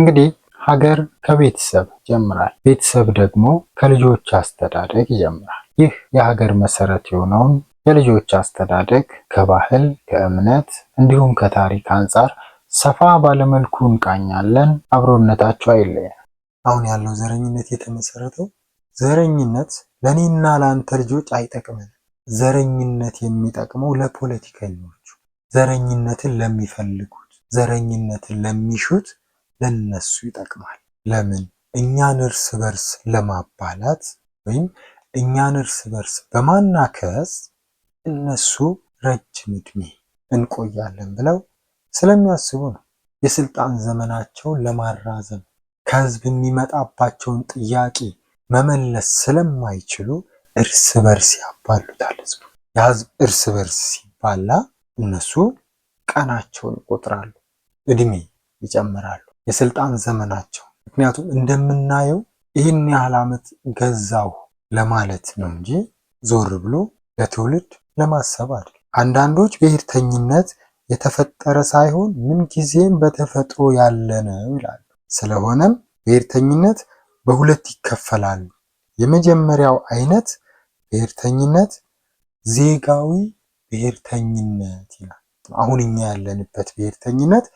እንግዲህ ሀገር ከቤተሰብ ጀምራል ቤተሰብ ደግሞ ከልጆች አስተዳደግ ይጀምራል። ይህ የሀገር መሰረት የሆነውን የልጆች አስተዳደግ ከባህል ከእምነት እንዲሁም ከታሪክ አንጻር ሰፋ ባለመልኩ እንቃኛለን። አብሮነታቸው አይለያል። አሁን ያለው ዘረኝነት የተመሰረተው ዘረኝነት ለእኔና ለአንተ ልጆች አይጠቅምንም ዘረኝነት የሚጠቅመው ለፖለቲከኞቹ፣ ዘረኝነትን ለሚፈልጉት፣ ዘረኝነትን ለሚሹት ለነሱ ይጠቅማል። ለምን እኛን እርስ በርስ ለማባላት ወይም እኛን እርስ በርስ በማናከስ እነሱ ረጅም እድሜ እንቆያለን ብለው ስለሚያስቡ ነው። የስልጣን ዘመናቸውን ለማራዘም ከህዝብ የሚመጣባቸውን ጥያቄ መመለስ ስለማይችሉ እርስ በርስ ያባሉታል። ህዝቡ የህዝብ እርስ በርስ ሲባላ እነሱ ቀናቸውን ይቆጥራሉ፣ እድሜ ይጨምራሉ። የስልጣን ዘመናቸው። ምክንያቱም እንደምናየው ይህን ያህል ዓመት ገዛው ለማለት ነው እንጂ ዞር ብሎ ለትውልድ ለማሰብ አይደል። አንዳንዶች ብሔርተኝነት የተፈጠረ ሳይሆን ምንጊዜም በተፈጥሮ ያለ ነው ይላሉ። ስለሆነም ብሔርተኝነት በሁለት ይከፈላል። የመጀመሪያው አይነት ብሔርተኝነት ዜጋዊ ብሔርተኝነት ይላል። አሁን እኛ ያለንበት ብሔርተኝነት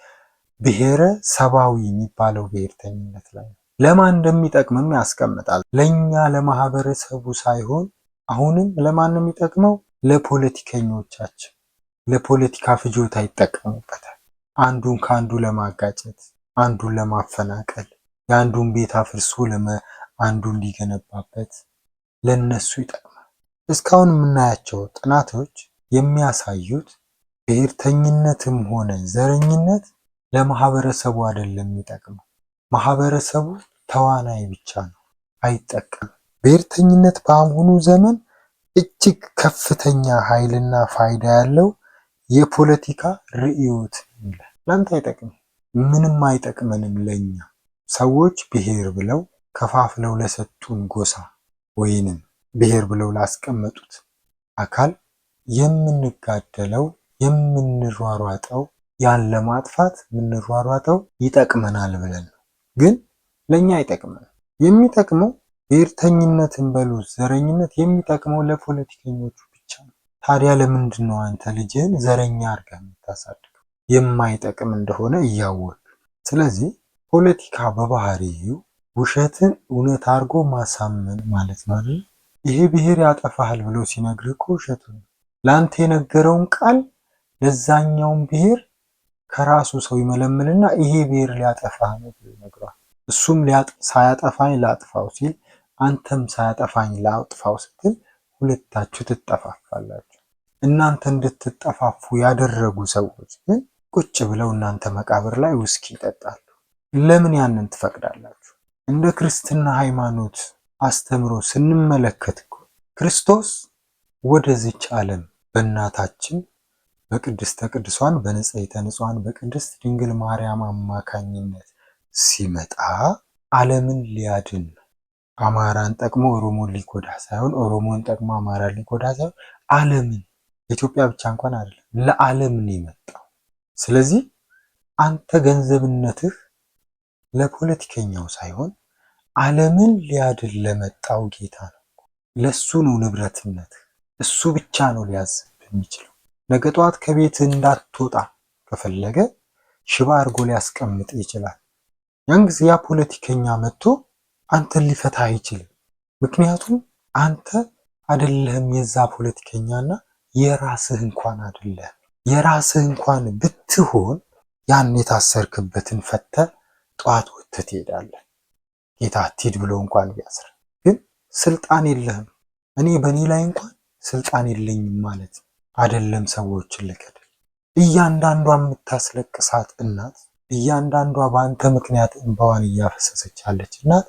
ብሔረ ሰባዊ የሚባለው ብሔርተኝነት ላይ ነው። ለማን እንደሚጠቅምም ያስቀምጣል። ለእኛ ለማህበረሰቡ ሳይሆን አሁንም ለማን ነው የሚጠቅመው? ለፖለቲከኞቻችን ለፖለቲካ ፍጆታ ይጠቀሙበታል። አንዱን ከአንዱ ለማጋጨት፣ አንዱን ለማፈናቀል፣ የአንዱን ቤት አፍርሶ ለመ አንዱ እንዲገነባበት ለነሱ ይጠቅማል። እስካሁን የምናያቸው ጥናቶች የሚያሳዩት ብሔርተኝነትም ሆነ ዘረኝነት ለማህበረሰቡ አይደለም የሚጠቅመው። ማህበረሰቡ ተዋናይ ብቻ ነው፣ አይጠቀምም። ብሔርተኝነት በአሁኑ ዘመን እጅግ ከፍተኛ ኃይልና ፋይዳ ያለው የፖለቲካ ርዕዮት ለአንተ አይጠቅምም፣ ምንም አይጠቅመንም። ለእኛ ሰዎች ብሔር ብለው ከፋፍለው ለሰጡን ጎሳ ወይንም ብሔር ብለው ላስቀመጡት አካል የምንጋደለው የምንሯሯጠው ያን ለማጥፋት የምንሯሯጠው ይጠቅመናል ብለን ነው። ግን ለእኛ አይጠቅመን። የሚጠቅመው ብሔርተኝነትን በሉ ዘረኝነት የሚጠቅመው ለፖለቲከኞቹ ብቻ ነው። ታዲያ ለምንድን ነው አንተ ልጅህን ዘረኛ አድርገህ የምታሳድገው? የማይጠቅም እንደሆነ እያወቅ። ስለዚህ ፖለቲካ በባህሪው ውሸትን እውነት አድርጎ ማሳመን ማለት ነው አይደል? ይሄ ብሔር ያጠፋሃል ብሎ ሲነግርህ እኮ ውሸቱ ነው። ለአንተ የነገረውን ቃል ለዛኛውን ብሔር ከራሱ ሰው ይመለምልና ይሄ ብሔር ሊያጠፋ ነው ብሎ ይነግረዋል። እሱም ሳያጠፋኝ ላጥፋው ሲል አንተም ሳያጠፋኝ ላጥፋው ስትል ሁለታችሁ ትጠፋፋላችሁ። እናንተ እንድትጠፋፉ ያደረጉ ሰዎች ግን ቁጭ ብለው እናንተ መቃብር ላይ ውስኪ ይጠጣሉ። ለምን ያንን ትፈቅዳላችሁ? እንደ ክርስትና ሃይማኖት አስተምሮ ስንመለከት ክርስቶስ ወደዚች ዓለም በእናታችን በቅድስተ ቅዱሳን በንጽሕተ ንጹሐን በቅድስት ድንግል ማርያም አማካኝነት ሲመጣ ዓለምን ሊያድን አማራን ጠቅሞ ኦሮሞን ሊጎዳ ሳይሆን ኦሮሞን ጠቅሞ አማራን ሊጎዳ ሳይሆን ዓለምን ኢትዮጵያ ብቻ እንኳን አይደለም ለዓለም ነው የመጣው። ስለዚህ አንተ ገንዘብነትህ ለፖለቲከኛው ሳይሆን ዓለምን ሊያድን ለመጣው ጌታ ነው። ለሱ ነው ንብረትነት። እሱ ብቻ ነው ሊያዝብ የሚችለው። ነገ ጠዋት ከቤት እንዳትወጣ ከፈለገ ሽባ አድርጎ ሊያስቀምጥ ይችላል። ያን ጊዜ ያ ፖለቲከኛ መጥቶ አንተን ሊፈታ አይችልም። ምክንያቱም አንተ አደለህም የዛ ፖለቲከኛና የራስህ እንኳን አደለህም። የራስህ እንኳን ብትሆን ያን የታሰርክበትን ፈተ ጠዋት ወጥተህ ትሄዳለህ። ጌታ አትሂድ ብሎ እንኳን ቢያስር ግን ስልጣን የለህም። እኔ በእኔ ላይ እንኳን ስልጣን የለኝም ማለት ነው። አይደለም ሰዎችን ልከድ። እያንዳንዷ የምታስለቅሳት እናት፣ እያንዳንዷ በአንተ ምክንያት እንባዋን እያፈሰሰች ያለች እናት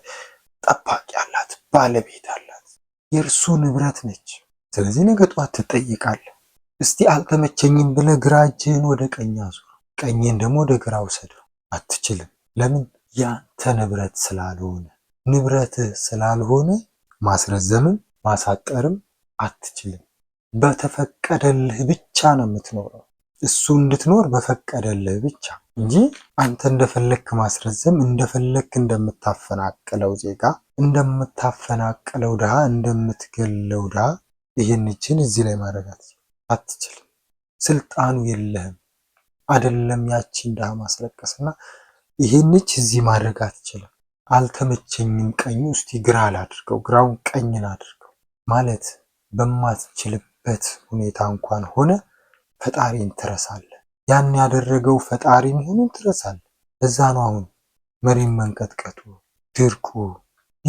ጠባቂ አላት፣ ባለቤት አላት፣ የእርሱ ንብረት ነች። ስለዚህ ነገ ጠዋት ትጠይቃለህ። እስቲ አልተመቸኝም ብለ ግራ እጅህን ወደ ቀኝ አዙር፣ ቀኝን ደግሞ ወደ ግራ ውሰደው። አትችልም። ለምን? ያንተ ንብረት ስላልሆነ ንብረትህ ስላልሆነ ማስረዘምም ማሳጠርም አትችልም። በተፈቀደልህ ብቻ ነው የምትኖረው። እሱ እንድትኖር በፈቀደልህ ብቻ እንጂ አንተ እንደፈለክ ማስረዘም እንደፈለክ እንደምታፈናቅለው ዜጋ እንደምታፈናቅለው ድሃ እንደምትገለው ድሃ ይህንችን እዚህ ላይ ማረጋት አትችልም። ስልጣኑ የለህም። አደለም ያቺን ድሃ ማስለቀስና ይህንች እዚህ ማድረግ አትችልም። አልተመቸኝም፣ ቀኙ እስቲ ግራ ላድርገው፣ ግራውን ቀኝን አድርገው ማለት በማትችልም ባለህበት ሁኔታ እንኳን ሆነ ፈጣሪን ትረሳለህ። ያን ያደረገው ፈጣሪ መሆኑን ትረሳለህ። እዛ ነው አሁን መሬት መንቀጥቀጡ፣ ድርቁ፣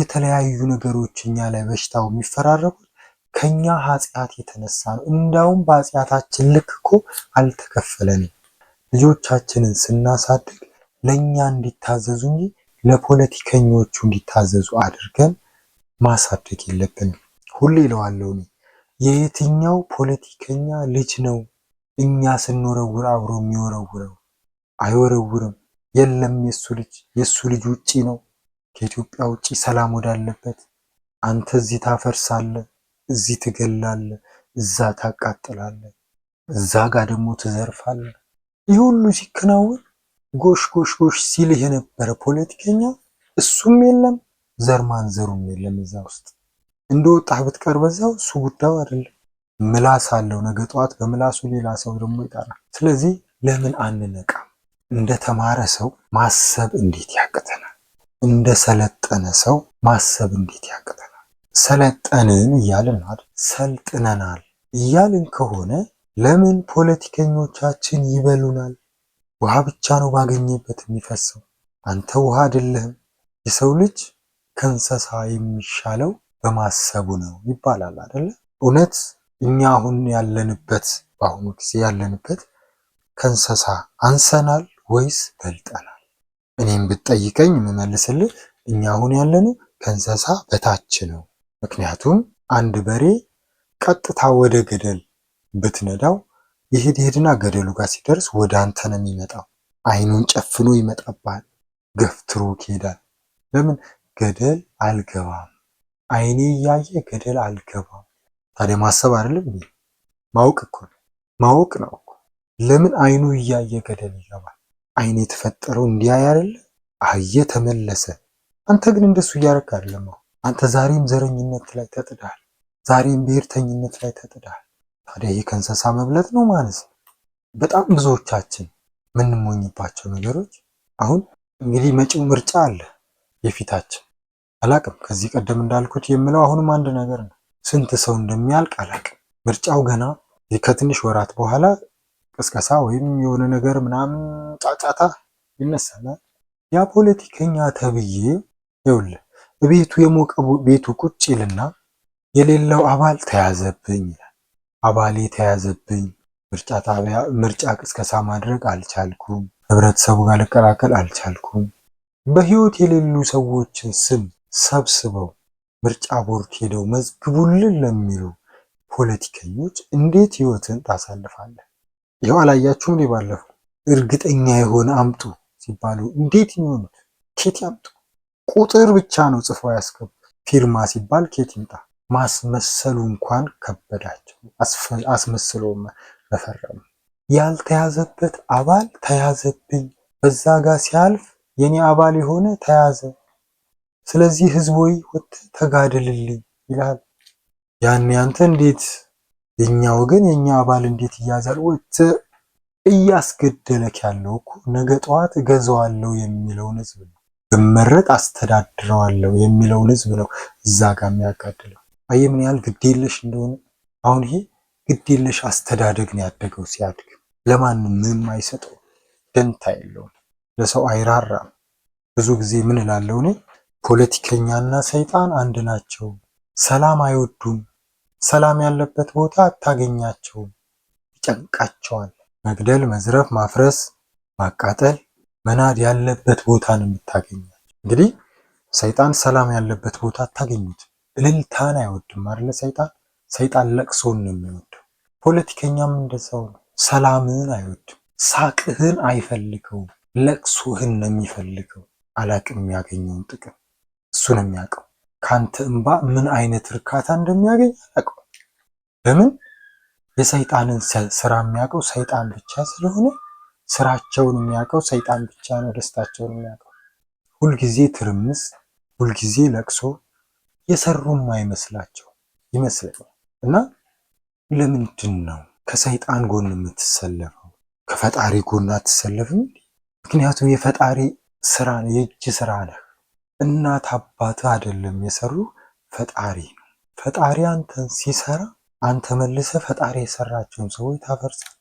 የተለያዩ ነገሮች እኛ ላይ በሽታው የሚፈራረቁት ከኛ ኃጢአት የተነሳ ነው። እንዳውም በኃጢአታችን ልክ እኮ አልተከፈለንም። ልጆቻችንን ስናሳድግ ለእኛ እንዲታዘዙ እንጂ ለፖለቲከኞቹ እንዲታዘዙ አድርገን ማሳደግ የለብንም። ሁሌ ይለዋለሁ እኔ የየትኛው ፖለቲከኛ ልጅ ነው እኛ ስንወረውር አብሮ የሚወረውረው? አይወረውርም። የለም የሱ ልጅ የሱ ልጅ ውጪ ነው፣ ከኢትዮጵያ ውጪ ሰላም ወዳለበት። አንተ እዚህ ታፈርሳለ፣ እዚህ ትገላለ እዛ ታቃጥላለ እዛ ጋር ደግሞ ትዘርፋለ ይህ ሁሉ ሲከናወን ጎሽ ጎሽ ጎሽ ሲልህ የነበረ ፖለቲከኛ እሱም የለም፣ ዘር ዘሩም የለም እዛ ውስጥ እንደወጣህ ብትቀር በዛው እሱ ጉዳዩ አይደለም። ምላስ አለው። ነገ ጠዋት በምላሱ ሌላ ሰው ደግሞ ይጠራል። ስለዚህ ለምን አንነቃ? እንደ ተማረ ሰው ማሰብ እንዴት ያቅተናል? እንደ ሰለጠነ ሰው ማሰብ እንዴት ያቅተናል? ሰለጠንን እያልን አይደል? ሰልጥነናል እያልን ከሆነ ለምን ፖለቲከኞቻችን ይበሉናል? ውሃ ብቻ ነው ባገኘበት የሚፈሰው። አንተ ውሃ አይደለህም። የሰው ልጅ ከእንስሳ የሚሻለው በማሰቡ ነው ይባላል አይደለ? እውነት እኛ አሁን ያለንበት በአሁኑ ጊዜ ያለንበት ከእንስሳ አንሰናል ወይስ በልጠናል? እኔም ብትጠይቀኝ የምመልስልህ እኛ አሁን ያለነው ከእንስሳ በታች ነው። ምክንያቱም አንድ በሬ ቀጥታ ወደ ገደል ብትነዳው ይሄድ ይሄድና ገደሉ ጋር ሲደርስ ወደ አንተ ነው የሚመጣው። አይኑን ጨፍኖ ይመጣባል፣ ገፍትሮ ይሄዳል። ለምን ገደል አልገባም አይኔ እያየ ገደል አልገባም። ታዲያ ማሰብ አይደለም እንዴ? ማወቅ እኮ ነው። ማወቅ ነው እኮ። ለምን አይኑ እያየ ገደል ይገባል? አይን የተፈጠረው እንዲያይ አይደለ? አየ ተመለሰ። አንተ ግን እንደሱ እያረክ አይደለም። አንተ ዛሬም ዘረኝነት ላይ ተጥዳል። ዛሬም ብሔርተኝነት ላይ ተጥዳል። ታዲያ ይህ ከእንስሳ መብለጥ ነው ማለት ነው። በጣም ብዙዎቻችን የምንሞኝባቸው ነገሮች አሁን እንግዲህ መጪው ምርጫ አለ የፊታችን አላቅም። ከዚህ ቀደም እንዳልኩት የምለው አሁንም አንድ ነገር ነው። ስንት ሰው እንደሚያልቅ አላቅም። ምርጫው ገና ከትንሽ ወራት በኋላ ቅስቀሳ ወይም የሆነ ነገር ምናምን ጫጫታ ይነሳል። ያ ፖለቲከኛ ተብዬ ይውል ቤቱ የሞቀ ቤቱ ቁጭ ይልና የሌለው አባል ተያዘብኝ አባሌ ተያዘብኝ፣ ምርጫ ጣቢያ ምርጫ ቅስቀሳ ማድረግ አልቻልኩም፣ ህብረተሰቡ ጋር ልቀላቀል አልቻልኩም። በህይወት የሌሉ ሰዎችን ስም ሰብስበው ምርጫ ቦርድ ሄደው መዝግቡልን ለሚሉ ፖለቲከኞች እንዴት ህይወትን ታሳልፋለህ? ይኸው አላያችሁም? እኔ ባለፈው እርግጠኛ የሆነ አምጡ ሲባሉ እንዴት የሚሆኑት ኬት ያምጡ? ቁጥር ብቻ ነው ጽፎ ያስገቡ። ፊርማ ሲባል ኬት ይምጣ? ማስመሰሉ እንኳን ከበዳቸው። አስመስሎ መፈረሙ ያልተያዘበት አባል ተያዘብኝ፣ በዛ ጋር ሲያልፍ የኔ አባል የሆነ ተያዘ ስለዚህ ህዝብ ወይ ወጥተህ ተጋደልልኝ ይላል ያኔ አንተ እንዴት የኛ ወገን የኛ አባል እንዴት ይያዛል? ወጥተህ እያስገደለክ ያለው እኮ ነገ ጠዋት እገዛዋለሁ የሚለውን ህዝብ ነው። ብመረጥ አስተዳድረዋለሁ የሚለውን ህዝብ ነው እዛ ጋር የሚያጋድለው። አየህ ምን ያህል ግዴለሽ እንደሆነ። አሁን ይሄ ግዴለሽ አስተዳደግ ነው ያደገው። ሲያድግ ለማንም ምንም አይሰጠው፣ ደንታ የለውም፣ ለሰው አይራራም። ብዙ ጊዜ ምን እላለሁ እኔ ፖለቲከኛና ሰይጣን አንድ ናቸው። ሰላም አይወዱም። ሰላም ያለበት ቦታ አታገኛቸውም። ይጨንቃቸዋል። መግደል፣ መዝረፍ፣ ማፍረስ፣ ማቃጠል፣ መናድ ያለበት ቦታ ነው የምታገኛቸው። እንግዲህ ሰይጣን ሰላም ያለበት ቦታ አታገኙት እልልታን አይወድም አለ ሰይጣን። ሰይጣን ለቅሶን ነው የሚወደው። ፖለቲከኛም እንደዛው ነው። ሰላምን አይወድም። ሳቅህን አይፈልገውም። ለቅሶህን ነው የሚፈልገው። አላቅም የሚያገኘውን ጥቅም እሱ ነው የሚያውቀው። ከአንተ እንባ ምን አይነት እርካታ እንደሚያገኝ አላውቅም። በምን የሰይጣንን ስራ የሚያውቀው ሰይጣን ብቻ ስለሆነ ስራቸውን የሚያውቀው ሰይጣን ብቻ ነው። ደስታቸውን የሚያውቀው ሁልጊዜ ትርምስ፣ ሁልጊዜ ለቅሶ፣ የሰሩም አይመስላቸው ይመስለኛል። እና ለምንድን ነው ከሰይጣን ጎን የምትሰለፈው? ከፈጣሪ ጎን አትሰለፍም? ምክንያቱም የፈጣሪ ስራ የእጅ ስራ ነህ። እናት አባት አይደለም የሰሩ ፈጣሪ ነው። ፈጣሪ አንተን ሲሰራ አንተ መልሰህ ፈጣሪ የሰራቸውን ሰዎች ታፈርሳለህ።